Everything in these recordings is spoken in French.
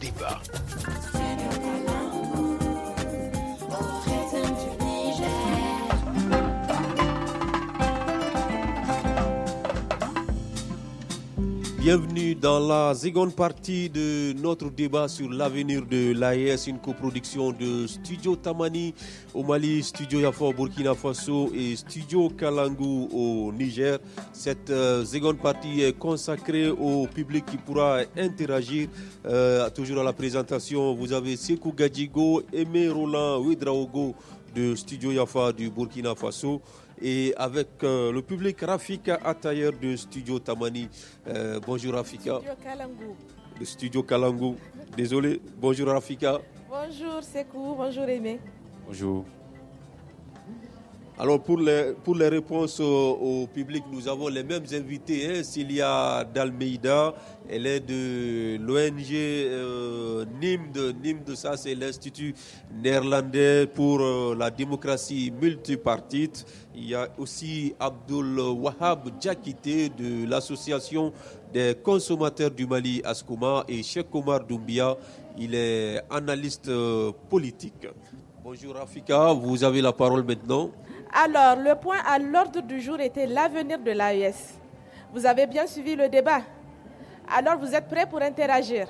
méga Bienvenue dans la seconde partie de notre débat sur l'avenir de l'AES, une coproduction de Studio Tamani au Mali, Studio Yafa au Burkina Faso et Studio Kalangu au Niger. Cette euh, seconde partie est consacrée au public qui pourra interagir. Euh, toujours à la présentation, vous avez Sekou Gadjigo, Aimé Roland, Ouedraogo de Studio Yafa du Burkina Faso et avec euh, le public Rafika Atayer de Studio Tamani. Euh, bonjour Rafika. Studio Kalangou. Le studio Kalangu. Désolé. Bonjour Rafika. Bonjour Sekou. Bonjour Aimé. Bonjour. Alors pour les, pour les réponses au, public, nous avons les mêmes invités. Hein. a d'Almeida, elle est de l'ONG NIMD. NIMD, ça c'est l'Institut néerlandais pour euh, la démocratie multipartite. Il y a aussi Abdul Wahab Djakité de l'association des consommateurs du Mali, Askouma, et Cheikh Omar Doumbia, il est analyste euh, politique. Bonjour Afika, vous avez la parole maintenant. Alors, le point à l'ordre du jour était l'avenir de l'AES. Vous avez bien suivi le débat. Alors, vous êtes prêts pour interagir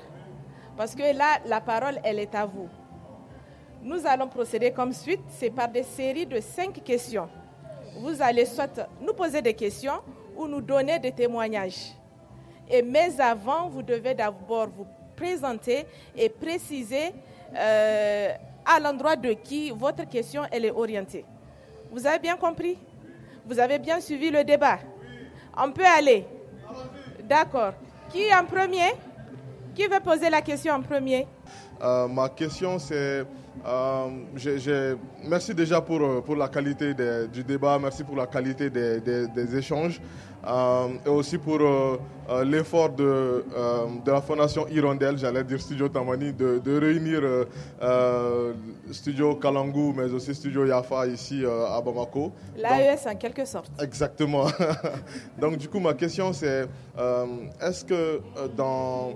Parce que là, la parole, elle est à vous. Nous allons procéder comme suite. C'est par des séries de cinq questions. Vous allez soit nous poser des questions ou nous donner des témoignages. Et mais avant, vous devez d'abord vous présenter et préciser euh, à l'endroit de qui votre question elle est orientée. Vous avez bien compris Vous avez bien suivi le débat On peut aller D'accord. Qui en premier Qui veut poser la question en premier euh, Ma question c'est euh, Merci déjà pour, euh, pour la qualité du débat, merci pour la qualité des, échanges euh, et aussi pour euh, l'effort de, de, la Fondation Hirondelle, j'allais dire Studio Tamani, de, réunir Studio Kalangu mais aussi Studio Yafa ici à Bamako. L'AES en quelque sorte. Exactement. Donc du coup ma question c'est est-ce que dans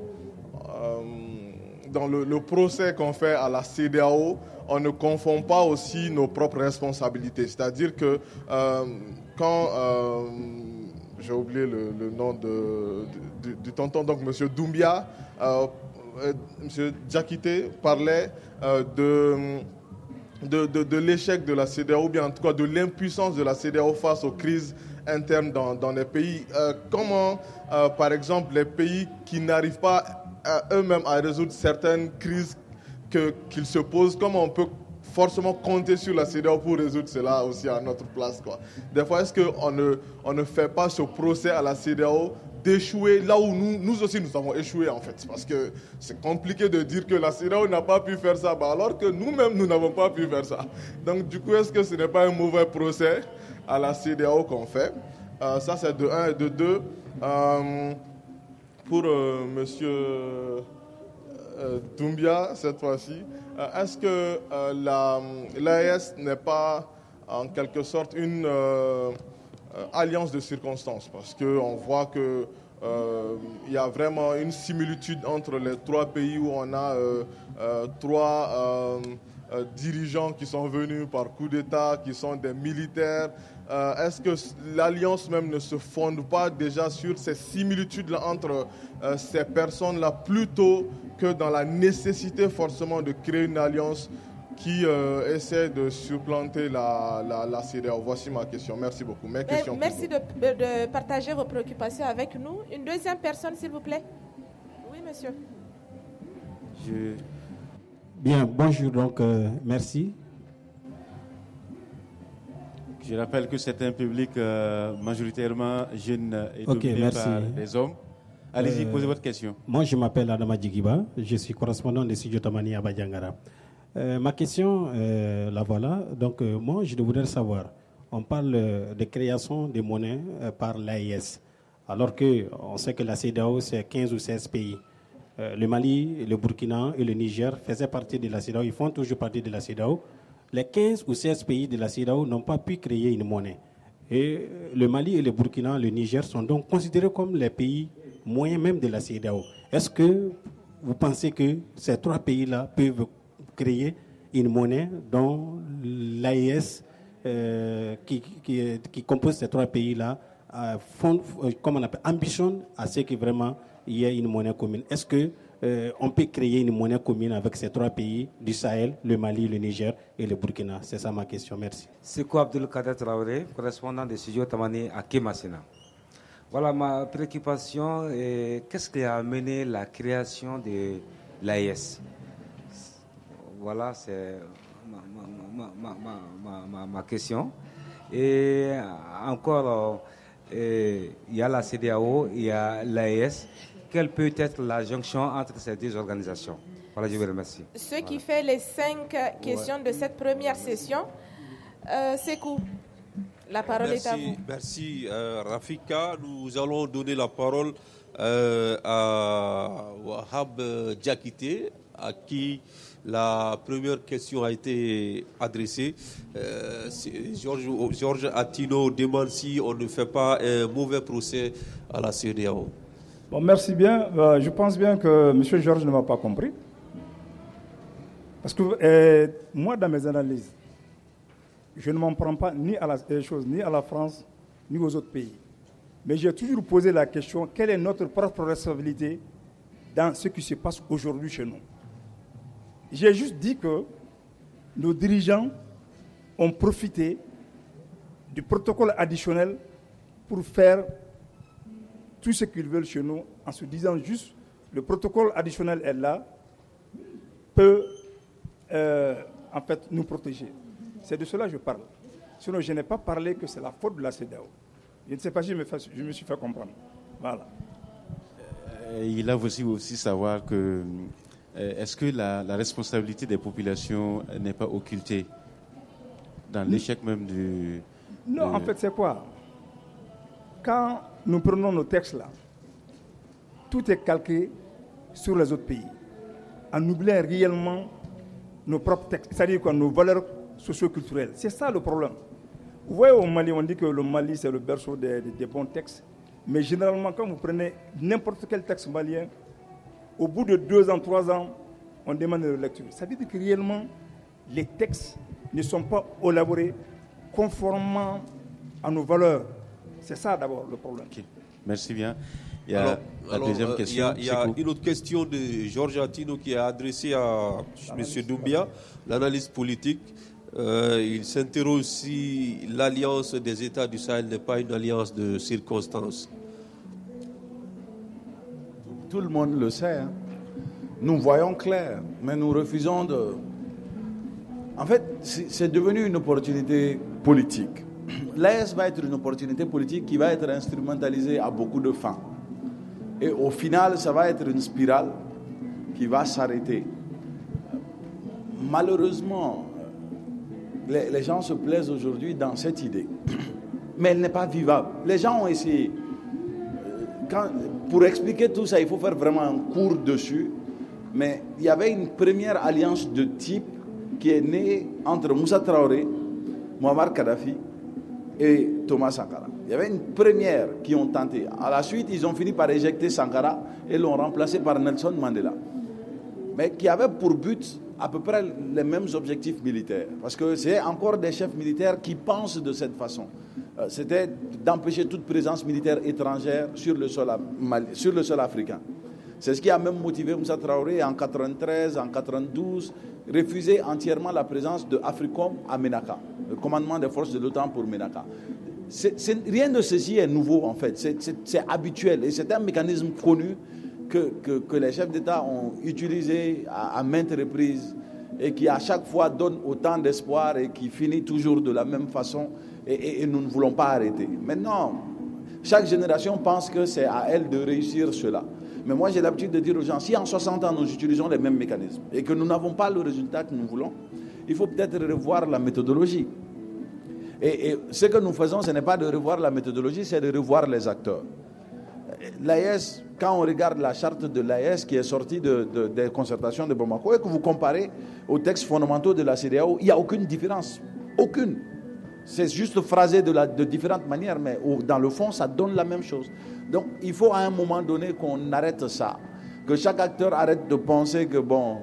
dans le, procès qu'on fait à la CDAO, on ne confond pas aussi nos propres responsabilités. C'est-à-dire que euh, quand euh, j'ai oublié le, nom de, du, tonton, donc M. Doumbia, euh, M. Djakite parlait de de, l'échec de la CDAO, ou bien en tout cas de l'impuissance de la CDAO face aux crises internes dans, les pays. comment, par exemple, les pays qui n'arrivent pas eux-mêmes à résoudre certaines crises qu'ils se posent, comment on peut forcément compter sur la CEDEAO pour résoudre cela aussi à notre place. Quoi. Des fois, est-ce qu'on ne, on ne fait pas ce procès à la CEDEAO d'échouer là où nous, nous aussi nous avons échoué en fait Parce que c'est compliqué de dire que la CEDEAO n'a pas pu faire ça bah, alors que nous-mêmes, nous n'avons pas pu faire ça. Donc du coup, est-ce que ce n'est pas un mauvais procès à la CEDEAO qu'on fait euh, Ça, c'est de 1 et de 2. Euh, pour M. Euh, monsieur euh, euh, Doumbia cette fois-ci. Est-ce que l'AES la, n'est pas en quelque sorte une alliance de circonstances Parce qu'on voit que il y a vraiment une similitude entre les trois pays où on a trois dirigeants qui sont venus par coup d'État, qui sont des militaires. Euh, est-ce que l'alliance même ne se fonde pas déjà sur ces similitudes entre euh, ces personnes-là plutôt que dans la nécessité forcément de créer une alliance qui euh, essaie de supplanter la, la, Voici ma question. Merci beaucoup. merci de, partager vos préoccupations avec nous. Une deuxième personne, s'il vous plaît. Oui, monsieur. Bien, bonjour. Donc, merci. Je rappelle que c'est un public euh, majoritairement jeune et par les hommes. Allez-y, euh, posez votre question. Moi, je m'appelle Adama Djigiba. Je suis correspondant de Studio Tamani à Badiangara. Euh, ma question, la voilà. Donc, moi, je voudrais savoir. On parle de création des monnaies par l'AIS, alors qu'on sait que la CEDAO, c'est 15 ou 16 pays. le Mali, le Burkina et le Niger faisaient partie de la CEDAO. Ils font toujours partie de la CEDAO les 15 ou 16 pays de la CEDAO n'ont pas pu créer une monnaie. Et le Mali et le Burkina, le Niger sont donc considérés comme les pays moyens même de la CEDAO. Est-ce que vous pensez que ces trois pays-là peuvent créer une monnaie dont l'AES, euh, qui, qui, compose ces trois pays-là, euh, euh, ambitionne à ce que vraiment il y ait une monnaie commune Est-ce que euh, on peut créer une monnaie commune avec ces trois pays du Sahel, le Mali, le Niger et le Burkina C'est ça ma question. Merci. C'est quoi Abdul Traoré, correspondant de Studio Tamani à Kemassena Voilà ma préoccupation. Qu'est-ce qui a amené la création de l'AIS e Voilà, c'est ma, question. Et encore, euh, il y a la CDAO, il y a l'AIS. E quelle peut être la jonction entre ces deux organisations Voilà, je vous remercie. Ce qui fait les cinq questions de cette première session, euh, c'est coup. La parole est à vous. Merci, euh, Rafika. Nous allons donner la parole euh, à Wahab Djakite, à qui la première question a été adressée. Georges George Attino demande si on ne fait pas un mauvais procès à la CEDEAO merci bien. Euh, je pense bien que M. Georges ne m'a pas compris. Parce que euh, moi, dans mes analyses, je ne m'en prends pas ni à la euh, chose, ni à la France, ni aux autres pays. Mais j'ai toujours posé la question quelle est notre propre responsabilité dans ce qui se passe aujourd'hui chez nous J'ai juste dit que nos dirigeants ont profité du protocole additionnel pour faire tout ce qu'ils veulent chez nous en se disant juste le protocole additionnel est là, peut euh, en fait nous protéger. C'est de cela que je parle. Sinon, je n'ai pas parlé que c'est la faute de la CEDAO. Je ne sais pas si je me, fais, je me suis fait comprendre. Voilà. Euh, il a aussi, aussi savoir que euh, est-ce que la, responsabilité des populations n'est pas occultée dans l'échec même du. Non, en fait, c'est quoi Quand nous prenons nos textes là, tout est calqué sur les autres pays, en oubliant réellement nos propres textes, c'est-à-dire nos valeurs socio-culturelles C'est ça le problème. Vous voyez, au Mali, on dit que le Mali, c'est le berceau des, bons textes. Mais généralement, quand vous prenez n'importe quel texte malien, au bout de deux ans, trois ans, on demande une lecture. Ça veut dire que réellement, les textes ne sont pas élaborés conformément à nos valeurs c'est ça d'abord le problème. Merci bien. Il y a une autre question de Georges Attino qui est adressée à M. Dubia, l'analyste politique. Euh, il s'interroge si l'alliance des États du Sahel n'est pas une alliance de circonstances. Tout le monde le sait. Hein. Nous voyons clair, mais nous refusons de... En fait, c'est devenu une opportunité politique l'AS va être une opportunité politique qui va être instrumentalisée à beaucoup de fins. Et au final, ça va être une spirale qui va s'arrêter. Malheureusement, les, gens se plaisent aujourd'hui dans cette idée. Mais elle n'est pas vivable. Les gens ont essayé. Euh, pour expliquer tout ça, il faut faire vraiment un cours dessus. Mais il y avait une première alliance de type qui est née entre Moussa Traoré, Muammar Kadhafi et Thomas Sankara. Il y avait une première qui ont tenté. À la suite, ils ont fini par éjecter Sankara et l'ont remplacé par Nelson Mandela. Mais qui avait pour but à peu près les mêmes objectifs militaires. Parce que c'est encore des chefs militaires qui pensent de cette façon. Euh, c'était d'empêcher toute présence militaire étrangère sur le sol, sur le sol africain. C'est ce qui a même motivé Moussa Traoré en 93, en 92, refuser entièrement la présence de Africom à Menaka, le commandement des forces de l'OTAN pour Menaka. C'est rien de ceci est nouveau en fait, c'est habituel et c'est un mécanisme connu que, que, les chefs d'État ont utilisé à, maintes reprises et qui à chaque fois donne autant d'espoir et qui finit toujours de la même façon et nous ne voulons pas arrêter. Maintenant, chaque génération pense que c'est à elle de réussir cela. Mais moi, j'ai l'habitude de dire aux gens, si en 60 ans, nous utilisons les mêmes mécanismes et que nous n'avons pas le résultat que nous voulons, il faut peut-être revoir la méthodologie. Et, ce que nous faisons, ce n'est pas de revoir la méthodologie, c'est de revoir les acteurs. L'AES, quand on regarde la charte de l'AES qui est sortie des concertations de Bamako et que vous comparez aux textes fondamentaux de la CDAO, il n'y a aucune différence. Aucune. C'est juste phrasé de, différentes manières, mais dans le fond, ça donne la même chose. Donc il faut à un moment donné qu'on arrête ça, que chaque acteur arrête de penser que bon,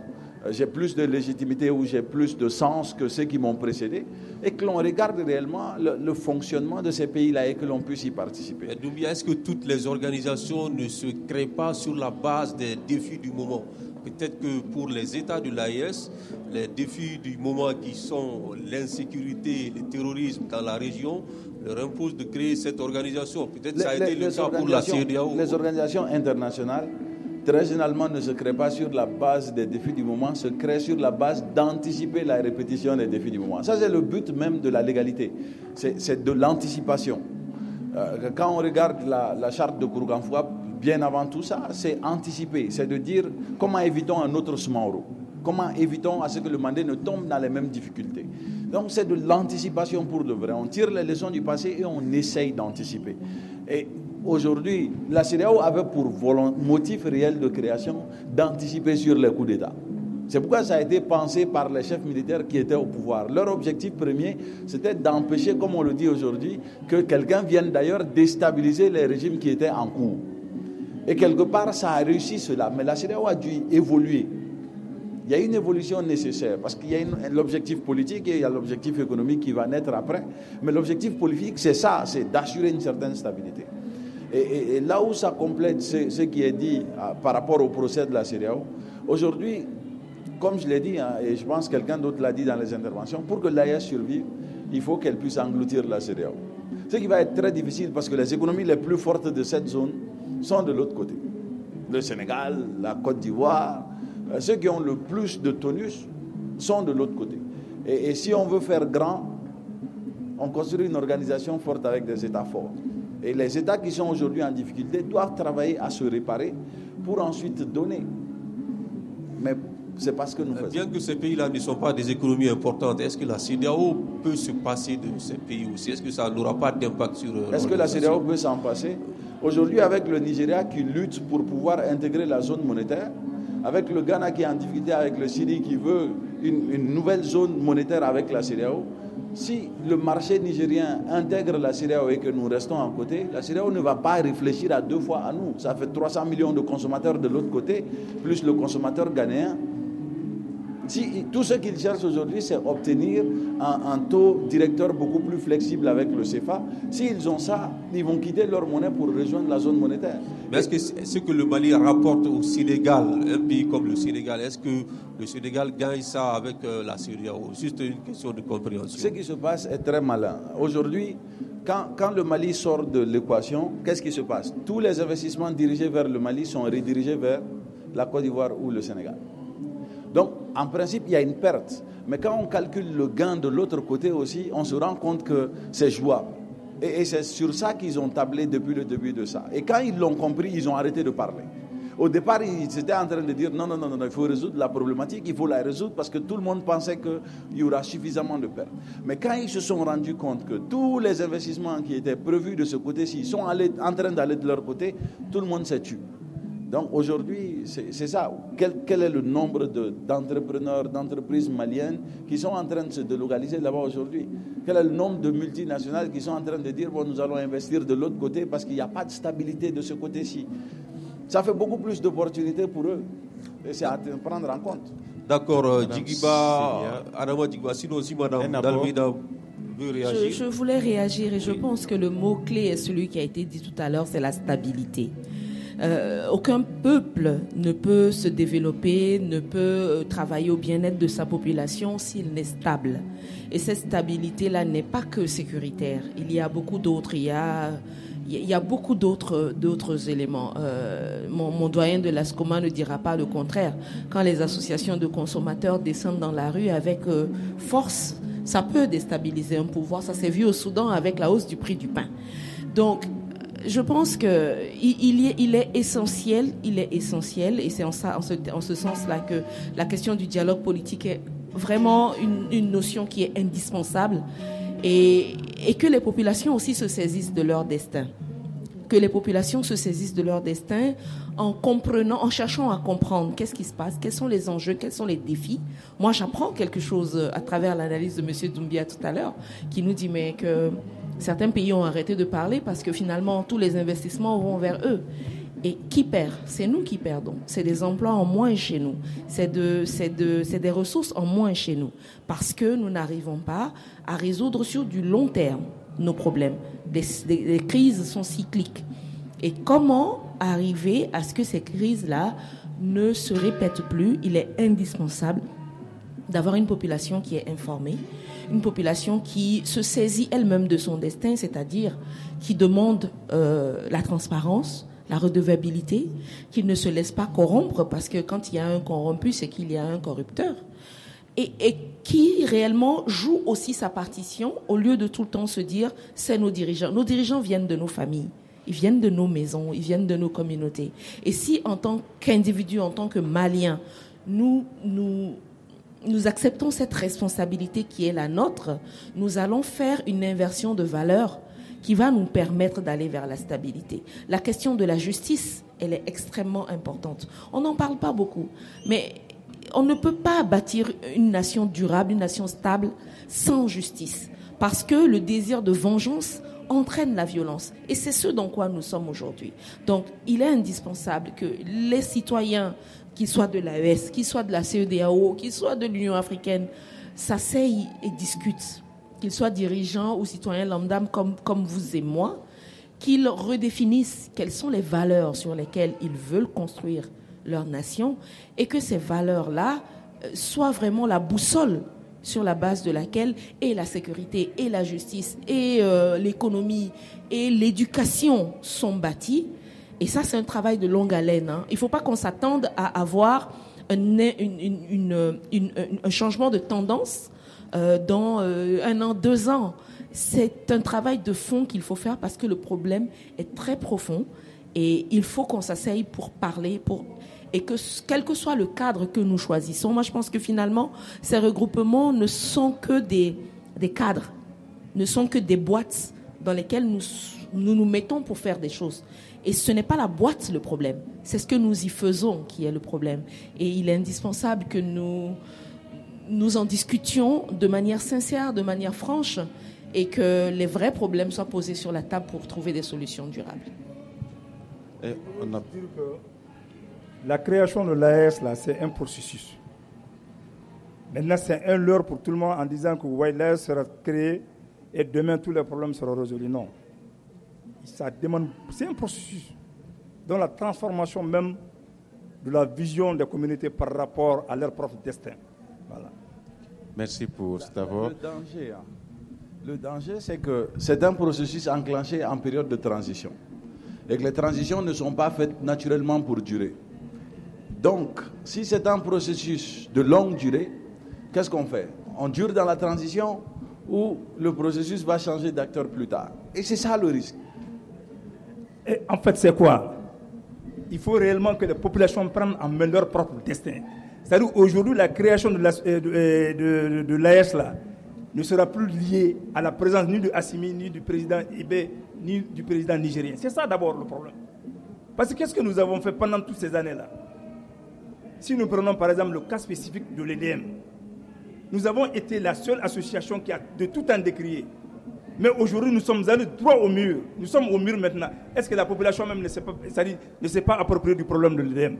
euh, j'ai plus de légitimité ou j'ai plus de sens que ceux qui m'ont précédé, et que l'on regarde réellement le, fonctionnement de ces pays-là et que l'on puisse y participer. est-ce que toutes les organisations ne se créent pas sur la base des défis du moment Peut-être que pour les États de l'AIS, e les défis du moment qui sont l'insécurité, le terrorisme dans la région, de créer cette organisation. Peut-être ça a été le cas pour la Les organisations internationales, très généralement, ne se créent pas sur la base des défis du moment, se créent sur la base d'anticiper la répétition des défis du moment. Ça, c'est le but même de la légalité. C'est de l'anticipation. Euh, quand on regarde la, charte de Kourouganfoua, bien avant tout ça, c'est anticiper. C'est de dire comment évitons un autre Smauro. Comment évitons à ce que le mandat ne tombe dans les mêmes difficultés donc c'est de l'anticipation pour de vrai. On tire les leçons du passé et on essaye d'anticiper. Et aujourd'hui, la CEDEAO avait pour motif réel de création d'anticiper sur les coups d'État. C'est pourquoi ça a été pensé par les chefs militaires qui étaient au pouvoir. Leur objectif premier, c'était d'empêcher, comme on le dit aujourd'hui, que quelqu'un vienne d'ailleurs déstabiliser les régimes qui étaient en cours. Et quelque part, ça a réussi cela. Mais la CEDEAO a dû évoluer il y a une évolution nécessaire parce qu'il y a l'objectif politique et il y a l'objectif économique qui va naître après. Mais l'objectif politique, c'est ça, c'est d'assurer une certaine stabilité. Et, là où ça complète ce, ce qui est dit ah, par rapport au procès de la CEDEAO, aujourd'hui, comme je l'ai dit, hein, et je pense que quelqu'un d'autre l'a dit dans les interventions, pour que l'AIS e survive, il faut qu'elle puisse engloutir la CEDEAO. Ce qui va être très difficile parce que les économies les plus fortes de cette zone sont de l'autre côté. Le Sénégal, la Côte d'Ivoire, euh, ceux qui ont le plus de tonus sont de l'autre côté. Et, si on veut faire grand, on construit une organisation forte avec des États forts. Et les États qui sont aujourd'hui en difficulté doivent travailler à se réparer pour ensuite donner. Mais c'est pas que nous faisons. Bien que ces pays-là ne sont pas des économies importantes, est-ce que la CEDEAO peut se passer de ces pays aussi Est-ce que ça n'aura pas d'impact sur. Euh, est-ce que la CEDEAO peut s'en passer Aujourd'hui, avec le Nigeria qui lutte pour pouvoir intégrer la zone monétaire, avec le Ghana qui est en difficulté avec le Syrie, qui veut une, nouvelle zone monétaire avec la CEDEAO, si le marché nigérien intègre la CEDEAO et que nous restons à côté, la CEDEAO ne va pas réfléchir à deux fois à nous. Ça fait 300 millions de consommateurs de l'autre côté, plus le consommateur ghanéen tout ce qu'ils cherchent aujourd'hui, c'est obtenir un, taux directeur beaucoup plus flexible avec le CFA. S'ils ont ça, ils vont quitter leur monnaie pour rejoindre la zone monétaire. Mais est-ce que ce que le Mali rapporte au Sénégal, un pays comme le Sénégal, est-ce que le Sénégal gagne ça avec euh, la Syrie Juste une question de compréhension. Ce qui se passe est très malin. Aujourd'hui, quand, quand, le Mali sort de l'équation, qu'est-ce qui se passe Tous les investissements dirigés vers le Mali sont redirigés vers la Côte d'Ivoire ou le Sénégal. Donc, en principe, il y a une perte. Mais quand on calcule le gain de l'autre côté aussi, on se rend compte que c'est jouable. Et, c'est sur ça qu'ils ont tablé depuis le début de ça. Et quand ils l'ont compris, ils ont arrêté de parler. Au départ, ils étaient en train de dire non, non, non, non, il faut résoudre la problématique, il faut la résoudre parce que tout le monde pensait qu'il y aura suffisamment de pertes. Mais quand ils se sont rendus compte que tous les investissements qui étaient prévus de ce côté-ci sont en train d'aller de leur côté, tout le monde s'est tué. Donc aujourd'hui, c'est ça. Quel, est le nombre d'entrepreneurs, d'entreprises maliennes qui sont en train de se délocaliser là-bas aujourd'hui Quel est le nombre de multinationales qui sont en train de dire, bon, nous allons investir de l'autre côté parce qu'il n'y a pas de stabilité de ce côté-ci Ça fait beaucoup plus d'opportunités pour eux. Et c'est à prendre en compte. D'accord, euh, Djigiba, Adama Djigiba, sinon aussi Madame Dalmida Je, je voulais réagir et je pense que le mot-clé est celui qui a été dit tout à l'heure, c'est la stabilité. Euh, aucun peuple ne peut se développer, ne peut euh, travailler au bien-être de sa population s'il n'est stable. Et cette stabilité-là n'est pas que sécuritaire. Il y a beaucoup d'autres. Il y a beaucoup d'autres éléments. Euh, mon, doyen de l'ASCOMA ne dira pas le contraire. Quand les associations de consommateurs descendent dans la rue avec euh, force, ça peut déstabiliser un pouvoir. Ça s'est vu au Soudan avec la hausse du prix du pain. Donc, je pense que il, est, il est essentiel, il est essentiel, et c'est en, ça, en ce, sens-là que la question du dialogue politique est vraiment une, notion qui est indispensable, et, que les populations aussi se saisissent de leur destin, que les populations se saisissent de leur destin en comprenant, en cherchant à comprendre qu'est-ce qui se passe, quels sont les enjeux, quels sont les défis. Moi, j'apprends quelque chose à travers l'analyse de Monsieur Doumbia tout à l'heure, qui nous dit mais que certains pays ont arrêté de parler parce que finalement tous les investissements vont vers eux. Et qui perd C'est nous qui perdons. C'est des emplois en moins chez nous. C'est des ressources en moins chez nous. Parce que nous n'arrivons pas à résoudre sur du long terme nos problèmes. les crises sont cycliques. Et comment arriver à ce que ces crises-là ne se répètent plus Il est indispensable d'avoir une population qui est informée, une population qui se saisit elle-même de son destin, c'est-à-dire qui demande euh, la transparence, la redevabilité, qui ne se laisse pas corrompre, parce que quand il y a un corrompu, c'est qu'il y a un corrupteur, et, et, qui réellement joue aussi sa partition au lieu de tout le temps se dire c'est nos dirigeants. Nos dirigeants viennent de nos familles. Ils viennent de nos maisons, ils viennent de nos communautés. Et si en tant qu'individu, en tant que Malien, nous nous nous acceptons cette responsabilité qui est la nôtre, nous allons faire une inversion de valeur qui va nous permettre d'aller vers la stabilité. La question de la justice, elle est extrêmement importante. On n'en parle pas beaucoup, mais on ne peut pas bâtir une nation durable, une nation stable, sans justice, parce que le désir de vengeance entraîne la violence. Et c'est ce dans quoi nous sommes aujourd'hui. Donc, il est indispensable que les citoyens qu'ils soient de l'AES, qu'ils soient de la CEDAO, qu'ils soient de l'Union africaine, s'asseyent et discutent, qu'ils soient dirigeants ou citoyens lambda comme, comme vous et moi, qu'ils redéfinissent quelles sont les valeurs sur lesquelles ils veulent construire leur nation et que ces valeurs-là euh, soient vraiment la boussole sur la base de laquelle et la sécurité et la justice et euh, l'économie et l'éducation sont bâties et ça, c'est un travail de longue haleine. Hein. Il ne faut pas qu'on s'attende à avoir un, changement de tendance euh, dans euh, un an, deux ans. C'est un travail de fond qu'il faut faire parce que le problème est très profond et il faut qu'on s'asseye pour parler, pour et que quel que soit le cadre que nous choisissons, moi je pense que finalement ces regroupements ne sont que des, cadres, ne sont que des boîtes dans lesquelles nous nous mettons pour faire des choses. Et ce n'est pas la boîte le problème, c'est ce que nous y faisons qui est le problème. Et il est indispensable que nous, nous en discutions de manière sincère, de manière franche, et que les vrais problèmes soient posés sur la table pour trouver des solutions durables. on a... La création de l'AS, là, c'est un processus. Maintenant, c'est un leurre pour tout le monde en disant que l'AS sera créé et demain tous les problèmes seront résolus. Non ça demande, c'est un processus dans la transformation même de la vision des communautés par rapport à leur propre destin. Merci pour cet avort. danger, hein. Le danger, c'est que c'est un processus enclenché en période de transition. Et que les transitions ne sont pas faites naturellement pour durer. Donc, si c'est un processus de longue durée, qu'est-ce qu'on fait On dure dans la transition ou le processus va changer d'acteur plus tard Et c'est ça le risque en fait, c'est quoi Il faut réellement que les populations prennent en main leur propre destin. C'est-à-dire aujourd'hui, la création de l'AS euh, euh, ne sera plus liée à la présence ni de Assimi, ni du président Ibe, ni du président nigérien. C'est ça d'abord le problème. Parce que qu'est-ce que nous avons fait pendant toutes ces années-là Si nous prenons par exemple le cas spécifique de l'EDM, nous avons été la seule association qui a de tout temps décrié mais aujourd'hui, nous sommes allés droit au mur. Nous sommes au mur maintenant. Est-ce que la population même ne s'est pas, ne pas appropriée du problème de l'EDM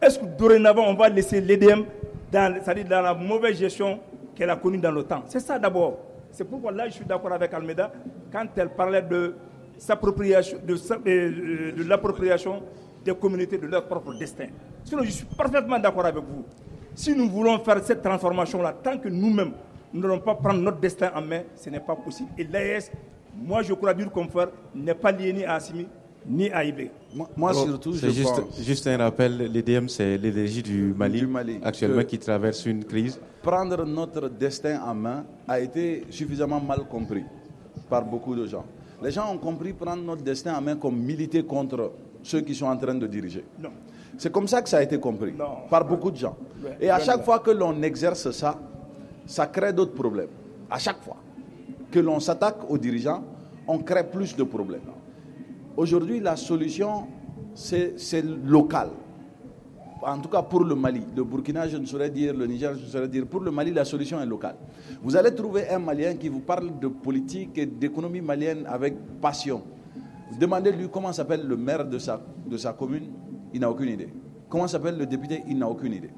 Est-ce que dorénavant, on va laisser l'EDM dans, dans la mauvaise gestion qu'elle a connue dans le temps C'est ça d'abord. C'est pourquoi là, je suis d'accord avec Almeida quand elle parlait de, euh, de l'appropriation des communautés de leur propre destin. Sinon, je suis parfaitement d'accord avec vous. Si nous voulons faire cette transformation-là, tant que nous-mêmes, nous n'allons pas prendre notre destin en main, ce n'est pas possible. Et l'AES, moi je crois dur le n'est pas lié ni à Assimi ni à IB. Moi, surtout, je juste, juste un rappel, l'EDM, c'est l'énergie du Mali, actuellement qui traverse une crise. Prendre notre destin en main a été suffisamment mal compris par beaucoup de gens. Les gens ont compris prendre notre destin en main comme militer contre ceux qui sont en train de diriger. C'est comme ça que ça a été compris par beaucoup de gens. Et à chaque fois que l'on exerce ça, ça crée d'autres problèmes. À chaque fois que l'on s'attaque aux dirigeants, on crée plus de problèmes. Aujourd'hui, la solution, c'est local. En tout cas, pour le Mali. Le Burkina, je ne saurais dire, le Niger, je ne saurais dire. Pour le Mali, la solution est locale. Vous allez trouver un Malien qui vous parle de politique et d'économie malienne avec passion. Vous Demandez-lui comment s'appelle le maire de sa, de sa commune, il n'a aucune idée. Comment s'appelle le député, il n'a aucune idée.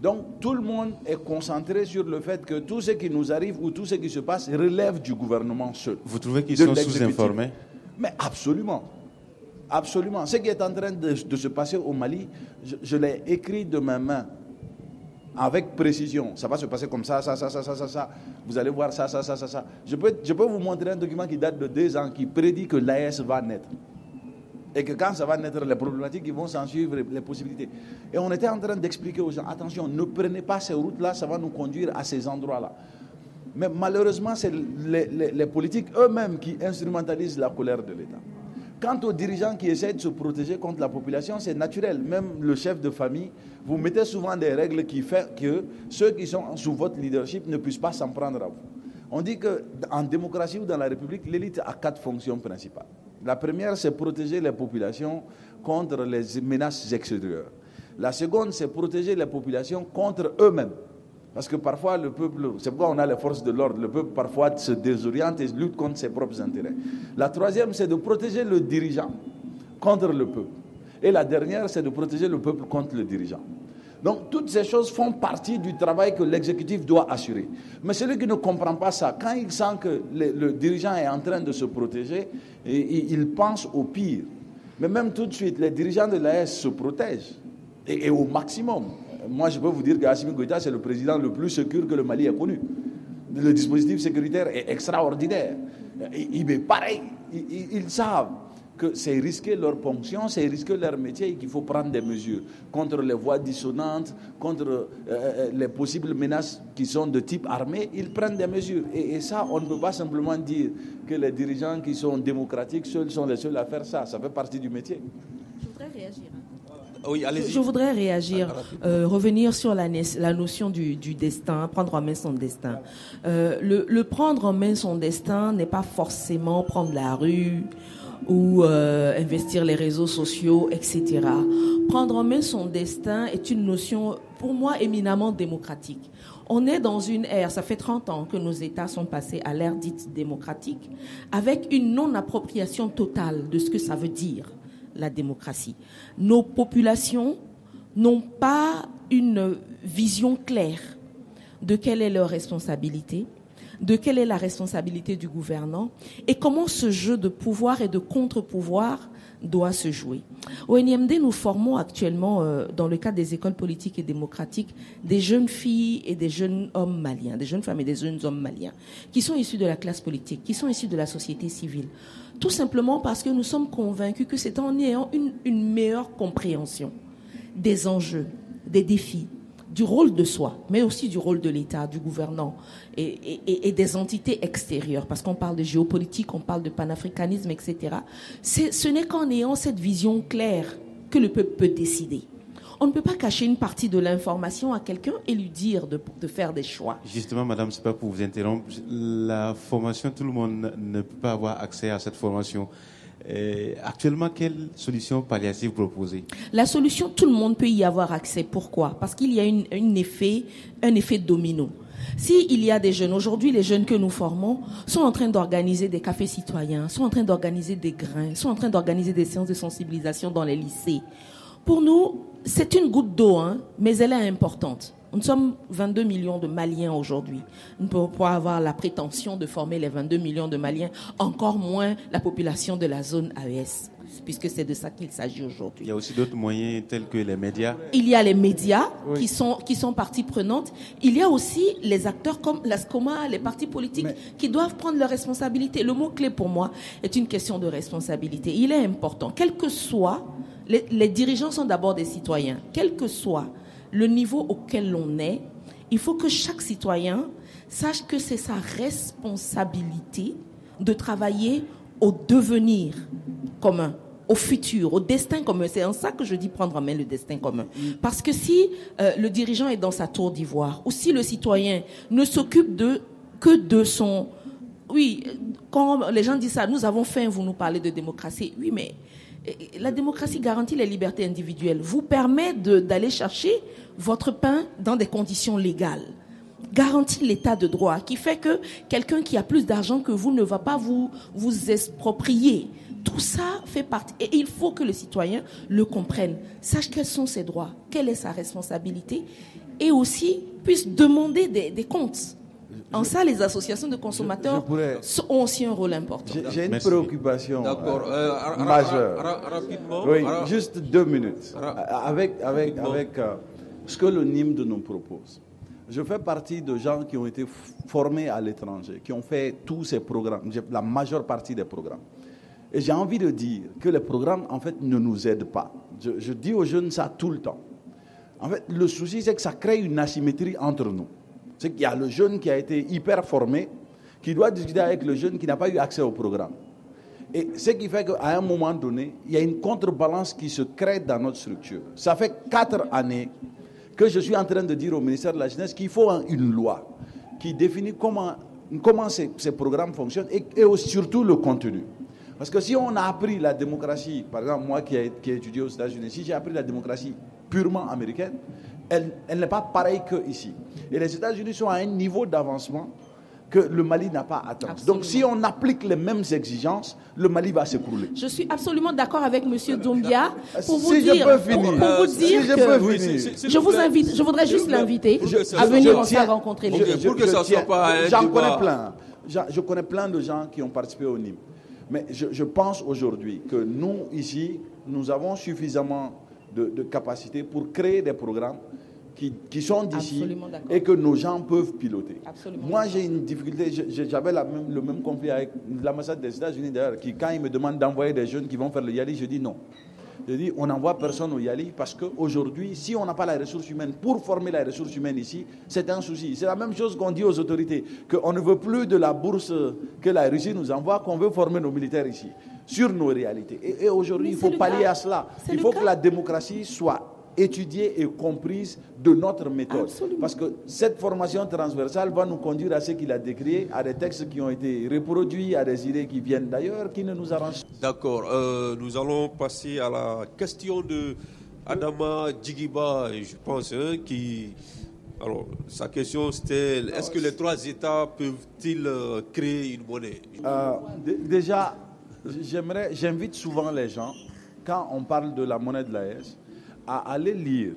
Donc tout le monde est concentré sur le fait que tout ce qui nous arrive ou tout ce qui se passe relève du gouvernement seul. Vous trouvez qu'ils sont sous-informés Mais absolument. Absolument. Ce qui est en train de, se passer au Mali, je, l'ai écrit de ma main avec précision. Ça va se passer comme ça, ça, ça, ça, ça, ça, ça. Vous allez voir ça, ça, ça, ça, ça. Je peux, je peux vous montrer un document qui date de deux ans qui prédit que l'AS va naître. Et que quand ça va naître, les problématiques, ils vont s'en suivre, les possibilités. Et on était en train d'expliquer aux gens, attention, ne prenez pas ces routes-là, ça va nous conduire à ces endroits-là. Mais malheureusement, c'est les, politiques eux-mêmes qui instrumentalisent la colère de l'État. Quant aux dirigeants qui essaient de se protéger contre la population, c'est naturel. Même le chef de famille, vous mettez souvent des règles qui font que ceux qui sont sous votre leadership ne puissent pas s'en prendre à vous. On dit qu'en démocratie ou dans la République, l'élite a quatre fonctions principales. La première, c'est protéger les populations contre les menaces extérieures. La seconde, c'est protéger les populations contre eux-mêmes. Parce que parfois, le peuple, c'est pourquoi on a les forces de l'ordre, le peuple parfois se désoriente et lutte contre ses propres intérêts. La troisième, c'est de protéger le dirigeant contre le peuple. Et la dernière, c'est de protéger le peuple contre le dirigeant. Donc toutes ces choses font partie du travail que l'exécutif doit assurer. Mais celui qui ne comprend pas ça, quand il sent que le, dirigeant est en train de se protéger, il pense au pire. Mais même tout de suite, les dirigeants de l'AS se protègent, et, au maximum. Moi, je peux vous dire qu'Assimi Goïta, c'est le président le plus secure que le Mali ait connu. Le dispositif sécuritaire est extraordinaire. Il est pareil, ils savent que c'est risquer leur ponction, c'est risquer leur métier et qu'il faut prendre des mesures contre les voix dissonantes, contre euh, euh, euh, les possibles menaces qui sont de type armé. Ils prennent des mesures. Et, ça, on ne peut pas simplement dire que les dirigeants qui sont démocratiques seuls sont les seuls à faire ça. Ça fait partie du métier. Je voudrais réagir. Hein. Ah oui, allez-y. je, voudrais réagir, ah, revenir sur la, la notion du, destin, prendre en main son destin. le, le, prendre en main son destin n'est pas forcément prendre la rue, ou euh, investir les réseaux sociaux, etc. Prendre en main son destin est une notion, pour moi, éminemment démocratique. On est dans une ère, ça fait 30 ans que nos États sont passés à l'ère dite démocratique, avec une non-appropriation totale de ce que ça veut dire, la démocratie. Nos populations n'ont pas une vision claire de quelle est leur responsabilité, de quelle est la responsabilité du gouvernant et comment ce jeu de pouvoir et de contre-pouvoir doit se jouer. Au NIMD, nous formons actuellement, euh, dans le cadre des écoles politiques et démocratiques, des jeunes filles et des jeunes hommes maliens, des jeunes femmes et des jeunes hommes maliens, qui sont issus de la classe politique, qui sont issus de la société civile. Tout simplement parce que nous sommes convaincus que c'est en ayant une meilleure compréhension des enjeux, des défis, du rôle de soi, mais aussi du rôle de l'État, du gouvernant et, des entités extérieures, parce qu'on parle de géopolitique, on parle de panafricanisme, etc. Ce n'est qu'en ayant cette vision claire que le peuple peut décider. On ne peut pas cacher une partie de l'information à quelqu'un et lui dire de, faire des choix. Justement, madame, c'est pas pour vous interrompre. La formation, tout le monde ne peut pas avoir accès à cette formation. Euh, actuellement, quelle solution palliative proposer La solution, tout le monde peut y avoir accès. Pourquoi Parce qu'il y a une, effet, un effet domino. S'il il y a des jeunes, aujourd'hui, les jeunes que nous formons sont en train d'organiser des cafés citoyens, sont en train d'organiser des grains, sont en train d'organiser des séances de sensibilisation dans les lycées. Pour nous, c'est une goutte d'eau, hein, mais elle est importante. Nous sommes 22 millions de Maliens aujourd'hui. Nous ne pouvons pas avoir la prétention de former les 22 millions de Maliens, encore moins la population de la zone AES, puisque c'est de ça qu'il s'agit aujourd'hui. Il y a aussi d'autres moyens tels que les médias. Il y a les médias qui, sont, qui sont partie prenante. Il y a aussi les acteurs comme la SCOMA, les partis politiques qui doivent prendre leurs responsabilités. Le mot-clé pour moi est une question de responsabilité. Il est important, quel que soit, les, dirigeants sont d'abord des citoyens, quel que soit le niveau auquel l'on est, il faut que chaque citoyen sache que c'est sa responsabilité de travailler au devenir commun, au futur, au destin commun. C'est en ça que je dis prendre en main le destin commun. Parce que si euh, le dirigeant est dans sa tour d'ivoire, ou si le citoyen ne s'occupe de que de son... Oui, quand les gens disent ça, nous avons faim, vous nous parlez de démocratie. Oui, mais la démocratie garantit les libertés individuelles, vous permet d'aller chercher votre pain dans des conditions légales, garantit l'état de droit, qui fait que quelqu'un qui a plus d'argent que vous ne va pas vous, vous exproprier. Tout ça fait partie. Et il faut que le citoyen le comprenne, sache quels sont ses droits, quelle est sa responsabilité, et aussi puisse demander des, des comptes en ça, les associations de consommateurs ont aussi un rôle important. J'ai une préoccupation euh, euh, majeure. rapidement, oui, juste deux minutes. avec avec, avec euh, ce que le NIM nous propose. Je fais partie de gens qui ont été formés à l'étranger, qui ont fait tous ces programmes, la majeure partie des programmes. Et j'ai envie de dire que les programmes, en fait, ne nous aident pas. je dis aux jeunes ça tout le temps. En fait, le souci, c'est que ça crée une asymétrie entre nous. C'est qu'il y a le jeune qui a été hyper formé, qui doit discuter avec le jeune qui n'a pas eu accès au programme. Et ce qui fait qu'à un moment donné, il y a une contrebalance qui se crée dans notre structure. Ça fait quatre années que je suis en train de dire au ministère de la Jeunesse qu'il faut une loi qui définit comment, ces, programmes fonctionnent et, surtout le contenu. Parce que si on a appris la démocratie, par exemple moi qui ai, qui ai étudié aux États-Unis, si j'ai appris la démocratie purement américaine, elle, n'est pas pareille qu'ici. Et les États-Unis sont à un niveau d'avancement que le Mali n'a pas atteint. Donc si on applique les mêmes exigences, le Mali va s'écrouler. Je suis absolument d'accord avec M. Doumbia. pour vous dire, je vous je, vous invite, je voudrais juste l'inviter à venir rencontrer les gens. Hein, j'en connais plein. Je connais plein de gens qui ont participé au NIM. Mais je, je pense aujourd'hui que nous, ici, nous avons suffisamment de, capacité pour créer des programmes qui, sont d'ici et que nos gens peuvent piloter. Moi, j'ai une difficulté. J'avais même, le même conflit avec l'ambassade des États-Unis, d'ailleurs, qui, quand ils me demandent d'envoyer des jeunes qui vont faire le Yali, je dis non. Je dis, on n'envoie personne au Yali parce qu'aujourd'hui, si on n'a pas la ressource humaine pour former la ressource humaine ici, c'est un souci. C'est la même chose qu'on dit aux autorités, qu'on ne veut plus de la bourse que la Russie nous envoie, qu'on veut former nos militaires ici, sur nos réalités. Et, aujourd'hui, il faut pallier à cela. Il faut que la démocratie soit étudiée et comprise de notre méthode. Parce que cette formation transversale va nous conduire à ce qu'il a décrit, à des textes qui ont été reproduits, à des idées qui viennent d'ailleurs, qui ne nous arrangent pas. D'accord, euh, nous allons passer à la question de Adama Djigiba, je pense, hein, qui... Alors, sa question c'était est-ce que les trois États peuvent-ils euh, créer une monnaie euh, Déjà, j'aimerais, j'invite souvent les gens, quand on parle de la monnaie de la haie, à aller lire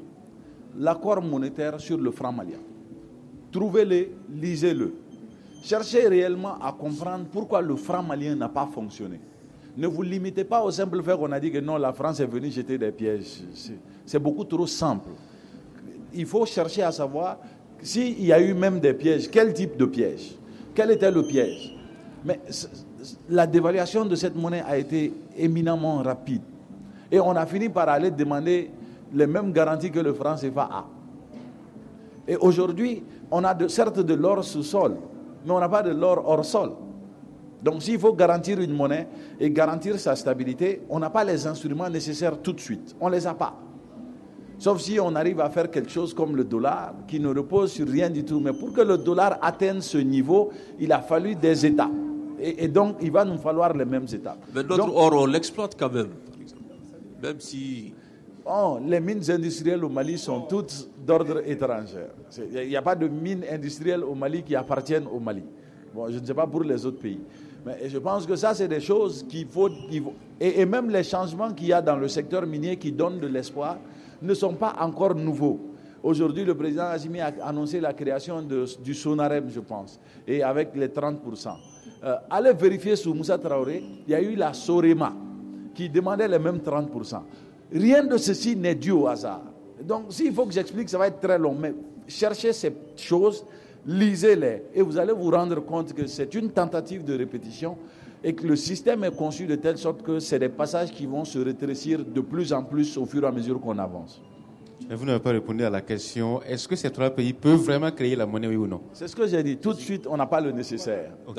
l'accord monétaire sur le franc malien. Trouvez-le, lisez-le. Cherchez réellement à comprendre pourquoi le franc malien n'a pas fonctionné. Ne vous limitez pas au simple fait qu'on a dit que non, la France est venue jeter des pièges. C'est beaucoup trop simple. Il faut chercher à savoir s'il y a eu même des pièges, quel type de piège Quel était le piège Mais la dévaluation de cette monnaie a été éminemment rapide. Et on a fini par aller demander les mêmes garanties que le franc CFA a. Et aujourd'hui, on a certes de l'or sous sol, mais on n'a pas de l'or hors sol. Donc s'il faut garantir une monnaie et garantir sa stabilité, on n'a pas les instruments nécessaires tout de suite. On ne les a pas. Sauf si on arrive à faire quelque chose comme le dollar, qui ne repose sur rien du tout. Mais pour que le dollar atteigne ce niveau, il a fallu des États. Et, donc, il va nous falloir les mêmes États. Mais notre or, on l'exploite quand même, par exemple. Même si Oh, les mines industrielles au Mali sont toutes d'ordre étranger. Il n'y a pas de mines industrielles au Mali qui appartiennent au Mali. Bon, je ne sais pas pour les autres pays. Mais je pense que ça, c'est des choses qu'il faut, et, même les changements qu'il y a dans le secteur minier qui donnent de l'espoir ne sont pas encore nouveaux. Aujourd'hui, le président Azimi a annoncé la création du Sonarem, je pense, et avec les 30%. Euh, allez vérifier sous Moussa Traoré, il y a eu la Sorema qui demandait les mêmes 30%. Rien de ceci n'est dû au hasard. Donc, s'il faut que j'explique, ça va être très long, mais cherchez ces choses, lisez-les, et vous allez vous rendre compte que c'est une tentative de répétition et que le système est conçu de telle sorte que c'est des passages qui vont se rétrécir de plus en plus au fur et à mesure qu'on avance. Mais vous n'avez pas répondu à la question est-ce que ces trois pays peuvent vraiment créer la monnaie, oui ou non C'est ce que j'ai dit. Tout de suite, on n'a pas le nécessaire. ok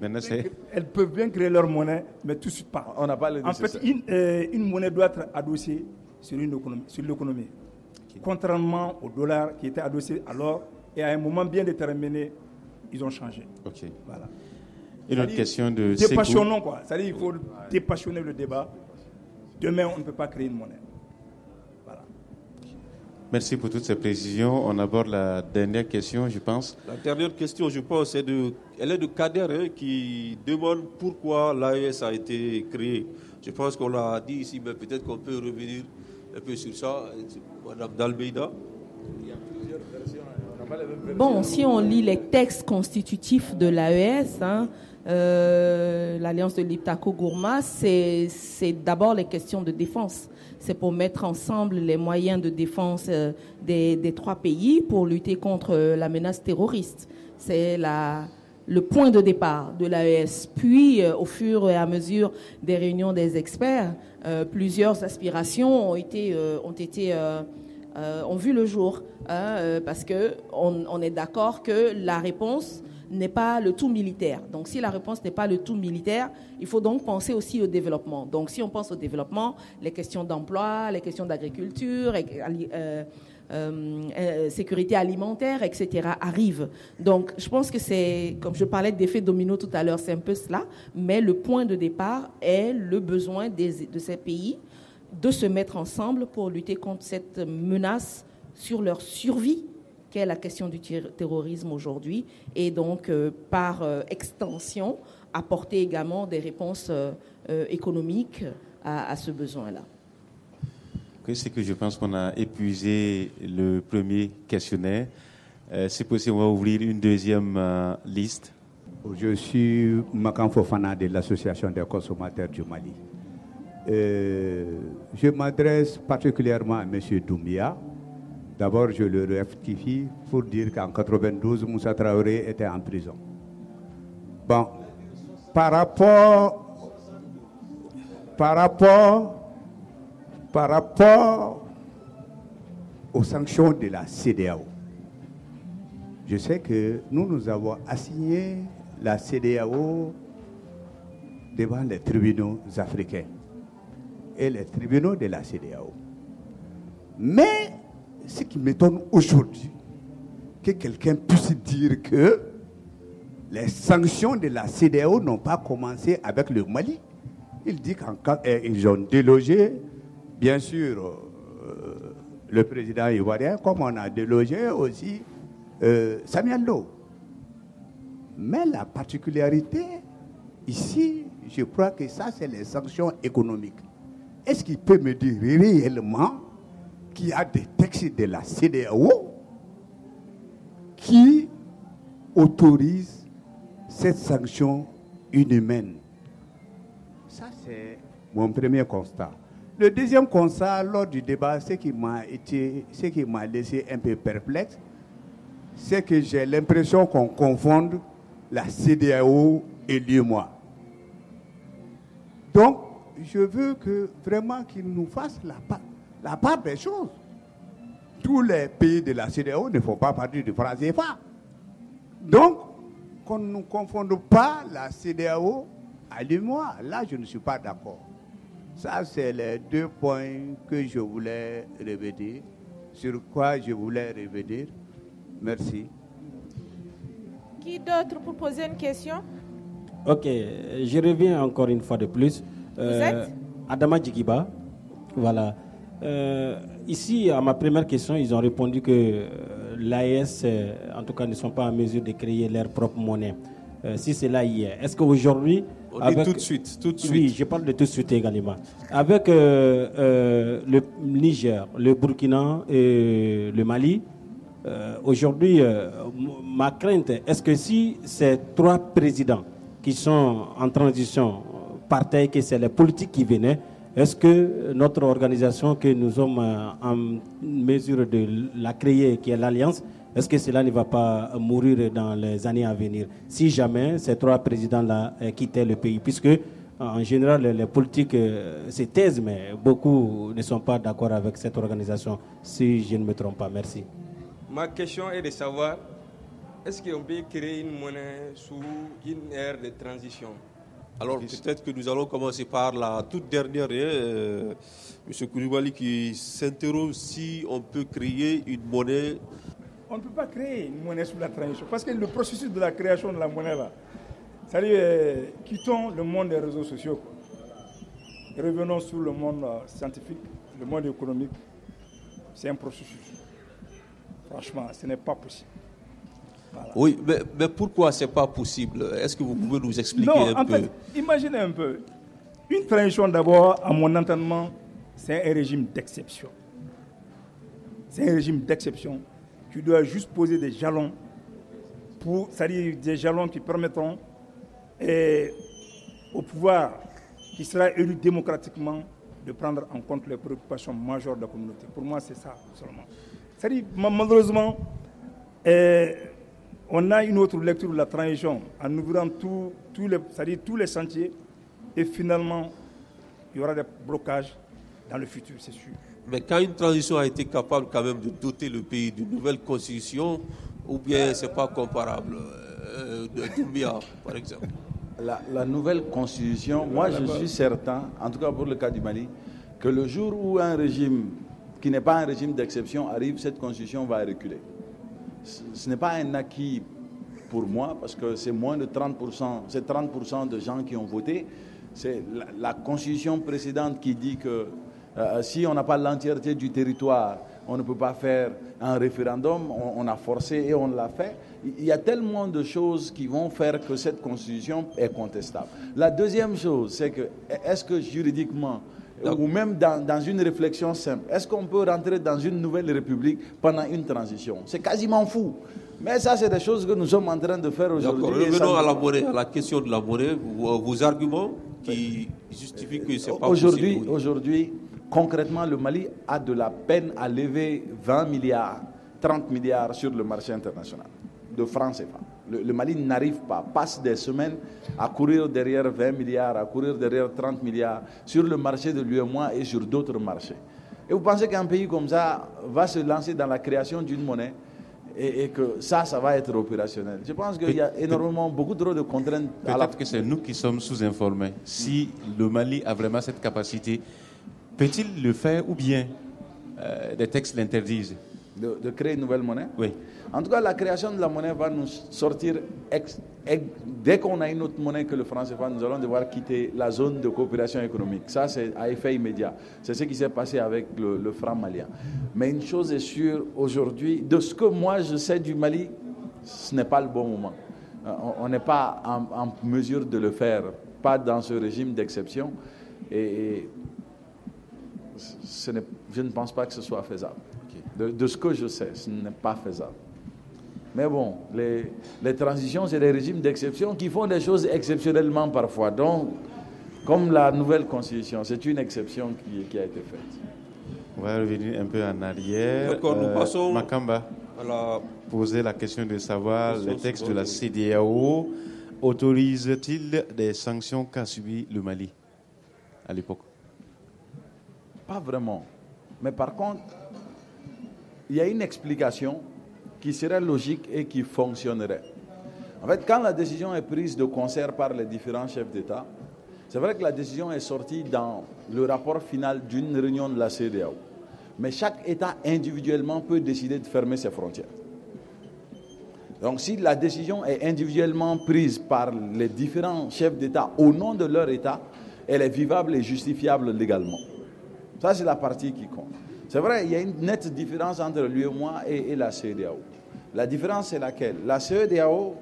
elles peuvent bien créer leur monnaie, mais tout de suite pas. En fait, euh, une, monnaie doit être adossée sur l'économie. Contrairement au dollar qui était adossé alors, et à un moment bien déterminé, ils ont changé. OK. Voilà. Et notre question de. Dépassionnons, quoi. C'est-à-dire qu'il faut dépassionner le débat. Demain, on ne peut pas créer une monnaie. Merci pour toutes ces précisions. On aborde la dernière question, je pense. La dernière question, je pense, est de, elle est de Kader hein, qui demande pourquoi l'AES a été créée. Je pense qu'on l'a dit ici, mais peut-être qu'on peut revenir un peu sur ça. Madame Dalbeida. Hein. Bon, si on lit les textes constitutifs de l'AES, hein, euh, l'alliance de liptako Gourma, c'est d'abord les questions de défense. C'est pour mettre ensemble les moyens de défense euh, des, trois pays pour lutter contre euh, la menace terroriste. C'est le point de départ de l'AES. Puis, au fur et à mesure des réunions des experts, plusieurs aspirations ont été, ont été ont vu le jour, hein, parce que on, on est d'accord que la réponse n'est pas le tout militaire. Donc si la réponse n'est pas le tout militaire, il faut donc penser aussi au développement. Donc si on pense au développement, les questions d'emploi, les questions d'agriculture, euh, euh, euh, sécurité alimentaire, etc., arrivent. Donc, je pense que c'est, comme je parlais d'effet domino tout à l'heure, c'est un peu cela, mais le point de départ est le besoin de ces pays de se mettre ensemble pour lutter contre cette menace sur leur survie qu'est la question du terrorisme aujourd'hui, et donc euh, par euh, extension apporter également des réponses euh, économiques à, ce besoin-là. que je pense qu'on a épuisé le premier questionnaire. C'est possible, on va ouvrir une deuxième liste. Je suis Makan Fofana de l'Association des consommateurs du Mali. je m'adresse particulièrement à M. Doumbia. D'abord, je le rectifie pour dire qu'en 92, Moussa Traoré était en prison. Bon, par rapport, par rapport, par rapport aux sanctions de la CDAO, je sais que nous, nous avons assigné la CDAO devant les tribunaux africains et les tribunaux de la CDAO. Mais ce qui m'étonne aujourd'hui, que quelqu'un puisse dire que les sanctions de la CDAO n'ont pas commencé avec le Mali. Il dit qu'ils euh, ont délogé, bien sûr, euh, le président ivoirien, comme on a délogé aussi euh, Samuel Lowe. Mais la particularité ici, je crois que ça, c'est les sanctions économiques. Est-ce qu'il peut me dire réellement qui a des textes de la CDAO qui autorise cette sanction inhumaine. Ça, c'est mon premier constat. Le deuxième constat, lors du débat, ce qui m'a été, qui m'a laissé un peu perplexe, c'est que j'ai l'impression qu'on confonde la CDAO et l'UMOA. Donc, je veux que vraiment qu'ils nous fassent la part la part des choses. Tous les pays de la CDAO e ne font pas partie du France CFA. Donc, qu'on ne confonde pas la CDAO e à l'UMOA. Là, je ne suis pas d'accord. Ça, c'est les deux points que je voulais revenir, sur quoi je voulais revenir. Merci. Qui d'autre pour poser une question Ok, je reviens encore une fois de plus. Vous euh, êtes Adama Djigiba. Voilà. Euh, ici, à ma première question, ils ont répondu que euh, l'AES, euh, en tout cas, ne sont pas en mesure de créer leur propre monnaie. si c'est là hier, est-ce qu'aujourd'hui... tout de suite, tout de suite. Oui, je parle de tout de suite également. Avec le Niger, le Burkina et le Mali, aujourd'hui, ma crainte, est-ce que si ces trois présidents qui sont en transition partaient que c'est les politiques qui venaient, est-ce que notre organisation que nous sommes euh, en mesure de la créer, qui est l'Alliance, est-ce que cela ne va pas mourir dans les années à venir si jamais ces trois présidents-là euh, quittaient le pays Puisque, en général, les politiques euh, se taisent, mais beaucoup ne sont pas d'accord avec cette organisation, si je ne me trompe pas. Merci. Ma question est de savoir est-ce qu'on peut créer une monnaie sous une ère de transition alors peut-être que nous allons commencer par la toute dernière, hein, euh, M. Koulibaly, qui s'interroge si on peut créer une monnaie. On ne peut pas créer une monnaie sous la transition, parce que le processus de la création de la monnaie, là, cest à euh, quittons le monde des réseaux sociaux, Et revenons sur le monde euh, scientifique, le monde économique. C'est un processus. Franchement, ce n'est pas possible. Oui, mais, pourquoi ce n'est pas possible Est-ce que vous pouvez nous expliquer non, un peu fait, Imaginez un peu. Une transition, d'abord, à mon entendement, c'est un régime d'exception. C'est un régime d'exception. Tu dois juste poser des jalons, pour, c'est-à-dire des jalons qui permettront eh, au pouvoir qui sera élu démocratiquement de prendre en compte les préoccupations majeures de la communauté. Pour moi, c'est ça seulement. C'est-à-dire, malheureusement, eh, on a une autre lecture de la transition en ouvrant tous, les, tous les sentiers et finalement, il y aura des blocages dans le futur, c'est sûr. Mais quand une transition a été capable quand même de doter le pays d'une nouvelle constitution, ou bien c'est pas comparable euh, de Doumbia, par exemple la, la, nouvelle constitution, moi je suis certain, en tout cas pour le cas du Mali, que le jour où un régime qui n'est pas un régime d'exception arrive, cette constitution va reculer ce n'est pas un acquis pour moi, parce que c'est moins de 30%, c'est 30% de gens qui ont voté. C'est la, constitution précédente qui dit que euh, euh, si on n'a pas l'entièreté du territoire, on ne peut pas faire un référendum, on, on a forcé et on l'a fait. Il y a tellement de choses qui vont faire que cette constitution est contestable. La deuxième chose, c'est que est-ce que juridiquement, ou même dans, une réflexion simple. Est-ce qu'on peut rentrer dans une nouvelle république pendant une transition C'est quasiment fou. Mais ça, c'est des choses que nous sommes en train de faire aujourd'hui. Revenons à, la la question de la vos, arguments qui justifient que c'est pas possible. Aujourd'hui, concrètement, le Mali a de la peine à lever 20 milliards, 30 milliards sur le marché international de France et CFA. Le, Mali n'arrive pas, passe des semaines à courir derrière 20 milliards, à courir derrière 30 milliards sur le marché de l'UEMOA et sur d'autres marchés. Et vous pensez qu'un pays comme ça va se lancer dans la création d'une monnaie et, que ça, ça va être opérationnel. Je pense qu'il y a énormément, beaucoup trop de contraintes. Peut-être que c'est nous qui sommes sous-informés. Si le Mali a vraiment cette capacité, peut-il le faire ou bien euh, des textes l'interdisent de créer une nouvelle monnaie Oui. En tout cas, la création de la monnaie va nous sortir, dès qu'on a une autre monnaie que le franc CFA, nous allons devoir quitter la zone de coopération économique. Ça, c'est à effet immédiat. C'est ce qui s'est passé avec le, franc malien. Mais une chose est sûre, aujourd'hui, de ce que moi je sais du Mali, ce n'est pas le bon moment. Euh, on n'est pas en, mesure de le faire, pas dans ce régime d'exception. Et, je ne pense pas que ce soit faisable. de ce que je sais, ce n'est pas faisable. Mais bon, les, transitions, c'est des régimes d'exception qui font des choses exceptionnellement parfois. Donc, comme la nouvelle constitution, c'est une exception qui, a été faite. On va revenir un peu en arrière. D'accord, nous euh, passons. Makamba, poser la question de savoir le texte de la CDAO autorise-t-il des sanctions qu'a subi le Mali à l'époque Pas vraiment. Mais par contre, il y a une explication qui serait logique et qui fonctionnerait. En fait, quand la décision est prise de concert par les différents chefs d'État, c'est vrai que la décision est sortie dans le rapport final d'une réunion de la CDAO. Mais chaque État individuellement peut décider de fermer ses frontières. Donc si la décision est individuellement prise par les différents chefs d'État au nom de leur État, elle est vivable et justifiable légalement. Ça, c'est la partie qui compte. C'est vrai, il y a une nette différence entre lui et, moi et la CDAO. La différence est laquelle La e CEDAO,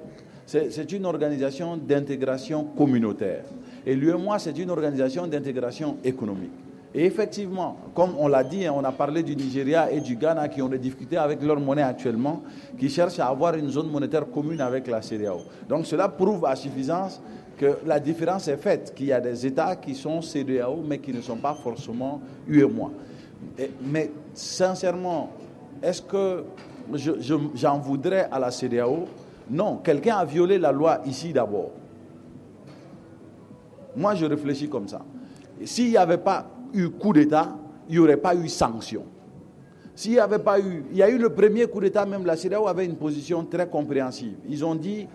c'est une organisation d'intégration communautaire. Et l'UEMOA, c'est une organisation d'intégration économique. Et effectivement, comme on l'a dit, hein, on a parlé du Nigeria et du Ghana qui ont des difficultés avec leur monnaie actuellement, qui cherchent à avoir une zone monétaire commune avec la CEDEAO. Donc cela prouve à suffisance que la différence est faite, qu'il y a des États qui sont CEDEAO mais qui ne sont pas forcément UEMOA. mais sincèrement, est-ce que j'en voudrais à la CDAO. Non, quelqu'un a violé la loi ici d'abord. Moi, je réfléchis comme ça. S'il n'y avait pas eu coup d'État, il n'y aurait pas eu sanction. S'il n'y avait pas eu, il y a eu le premier coup d'État, même la CEDEAO avait une position très compréhensive. Ils ont dit,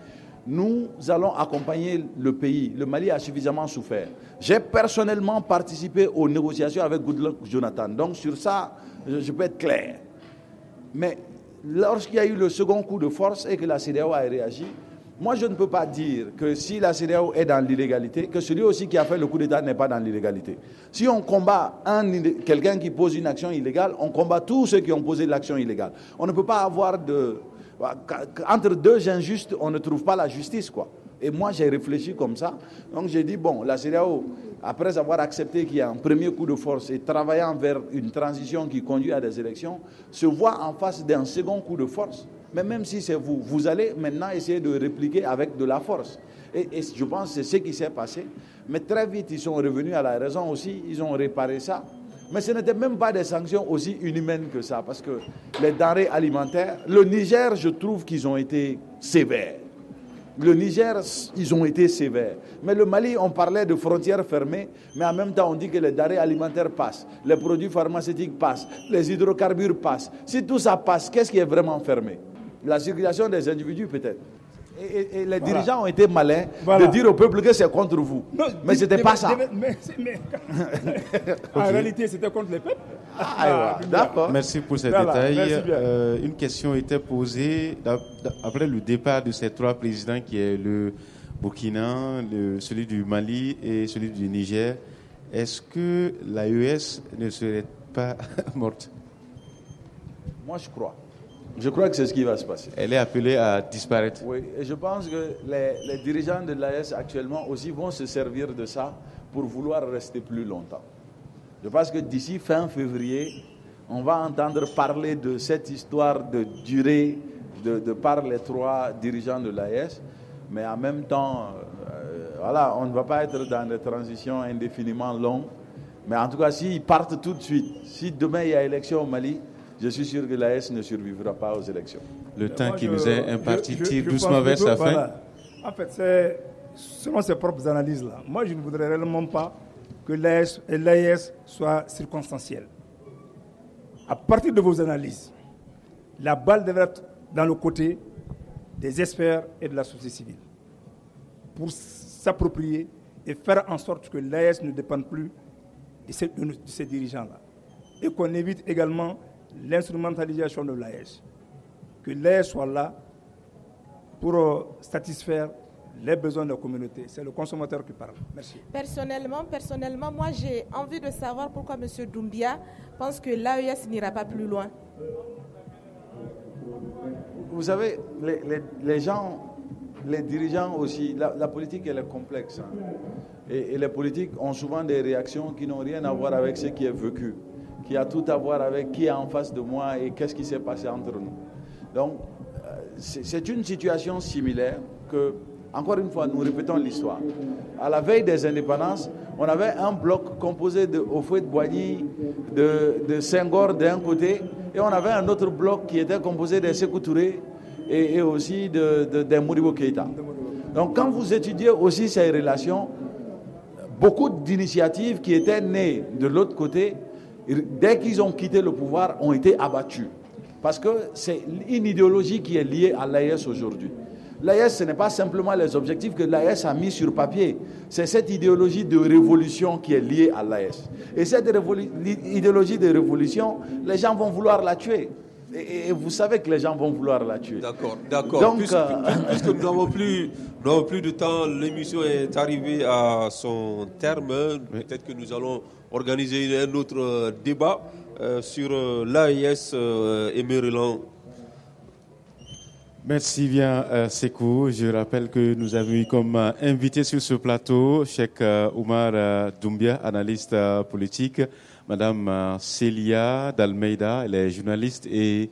nous allons accompagner le pays. Le Mali a suffisamment souffert. J'ai personnellement participé aux négociations avec Goodluck Jonathan. Donc sur ça, je peux être clair. Mais lorsqu'il y a eu le second coup de force et que la CDAO a réagi, moi je ne peux pas dire que si la CDAO est dans l'illégalité, que celui aussi qui a fait le coup d'État n'est pas dans l'illégalité. Si on combat quelqu'un qui pose une action illégale, on combat tous ceux qui ont posé l'action illégale. On ne peut pas avoir de... Bah, entre deux injustes, on ne trouve pas la justice, quoi. Et moi, j'ai réfléchi comme ça. Donc, j'ai dit, bon, la CDAO, après avoir accepté qu'il y a un premier coup de force et travaillant vers une transition qui conduit à des élections, se voit en face d'un second coup de force. Mais même si c'est vous, vous allez maintenant essayer de répliquer avec de la force. Et, et je pense que c'est ce qui s'est passé. Mais très vite, ils sont revenus à la raison aussi, ils ont réparé ça. Mais ce n'était même pas des sanctions aussi inhumaines que ça, parce que les denrées alimentaires, le Niger, je trouve qu'ils ont été sévères. Le Niger, ils ont été sévères. Mais le Mali, on parlait de frontières fermées, mais en même temps, on dit que les denrées alimentaires passent, les produits pharmaceutiques passent, les hydrocarbures passent. Si tout ça passe, qu'est-ce qui est vraiment fermé La circulation des individus, peut-être. Et, les dirigeants ont été malins de dire au peuple que c'est contre vous. mais ce n'était pas ça. en réalité, c'était contre les peuples. Ah, ah, Merci pour ces détails. Euh, une question était posée après le départ de ces trois présidents qui est le Burkina, celui du Mali et celui du Niger. Est-ce que l'AES ne serait pas morte Moi, je crois. Je crois que c'est ce qui va se passer. Elle est appelée à disparaître. Oui, et je pense que les, les dirigeants de l'AES actuellement aussi vont se servir de ça pour vouloir rester plus longtemps. Je pense que d'ici fin février, on va entendre parler de cette histoire de durée de, par les trois dirigeants de l'AS mais en même temps, euh, voilà, on ne va pas être dans des transitions indéfiniment longues. Mais en tout cas, s'ils partent tout de suite, si demain il y a élection au Mali, je suis sûr que l'AS ne survivra pas aux élections. Le temps qui nous est imparti tire doucement vers sa fin. En fait, c'est selon ses propres analyses là. Moi, je ne voudrais réellement pas que l'AES soit circonstanciel. À partir de vos analyses, la balle devrait être dans le côté des experts et de la société civile pour s'approprier et faire en sorte que l'AES ne dépende plus de ces, ces dirigeants-là. Et qu'on évite également l'instrumentalisation de l'AES. Que l'AES soit là pour euh, satisfaire les besoins de la communauté. C'est le consommateur qui parle. Merci. Personnellement, personnellement moi, j'ai envie de savoir pourquoi M. Doumbia pense que l'AES n'ira pas plus loin. Vous savez, les, gens, les dirigeants aussi, la, politique, elle est complexe. Hein. Et, et, les politiques ont souvent des réactions qui n'ont rien à voir avec ce qui est vécu, qui a tout à voir avec qui est en face de moi et qu'est-ce qui s'est passé entre nous. Donc, euh, c'est une situation similaire que encore une fois, nous répétons l'histoire. À la veille des indépendances, on avait un bloc composé de Ofouet de Boigny, de, de Senghor d'un côté, et on avait un autre bloc qui était composé des Sekou et, aussi de, de, Keïta. Donc quand vous étudiez aussi ces relations, beaucoup d'initiatives qui étaient nées de l'autre côté, dès qu'ils ont quitté le pouvoir, ont été abattues. Parce que c'est une idéologie qui est liée à l'AIS e aujourd'hui. L'AS, e ce n'est pas simplement les objectifs que l'AS e a mis sur papier. C'est cette idéologie de révolution qui est liée à l'AS. E et cette idéologie de révolution, les gens vont vouloir la tuer. Et, vous savez que les gens vont vouloir la tuer. D'accord, d'accord. Donc, puisque, euh, nous n'avons plus, plus de temps, l'émission est arrivée à son terme. Peut-être que nous allons organiser un autre euh, débat euh, sur l'AIS et Maryland Merci bien, euh, Sekou. Je rappelle que nous avons eu comme euh, invité sur ce plateau Cheikh Omar euh, Oumar Doumbia, analyste politique, Madame Célia Dalmeida, elle est journaliste et...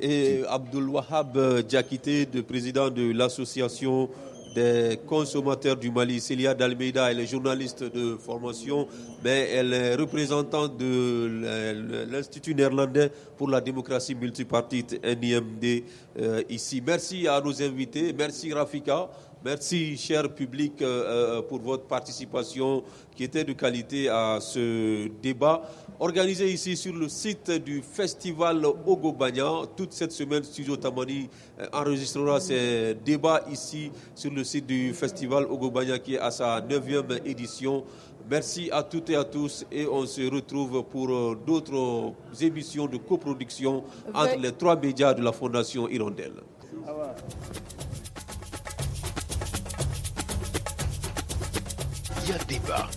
Et Abdul Wahab Diakité, président de l'association des consommateurs du Mali. Célia Dalmeida, elle est journaliste de formation, mais elle est représentante de l'Institut néerlandais pour la démocratie multipartite, NIMD, euh, ici. Merci à nos invités. Merci Rafika. Merci, cher public, euh, euh, pour votre participation qui était de qualité à ce débat organisé ici sur le site du festival Ogobanya. Toute cette semaine, Studio Tamani euh, enregistrera ses débats ici sur le site du festival Ogobanya qui est à sa 9e édition. Merci à toutes et à tous et on se retrouve pour d'autres émissions de coproduction entre les trois médias de la Fondation Hirondelle. Ah des Débat.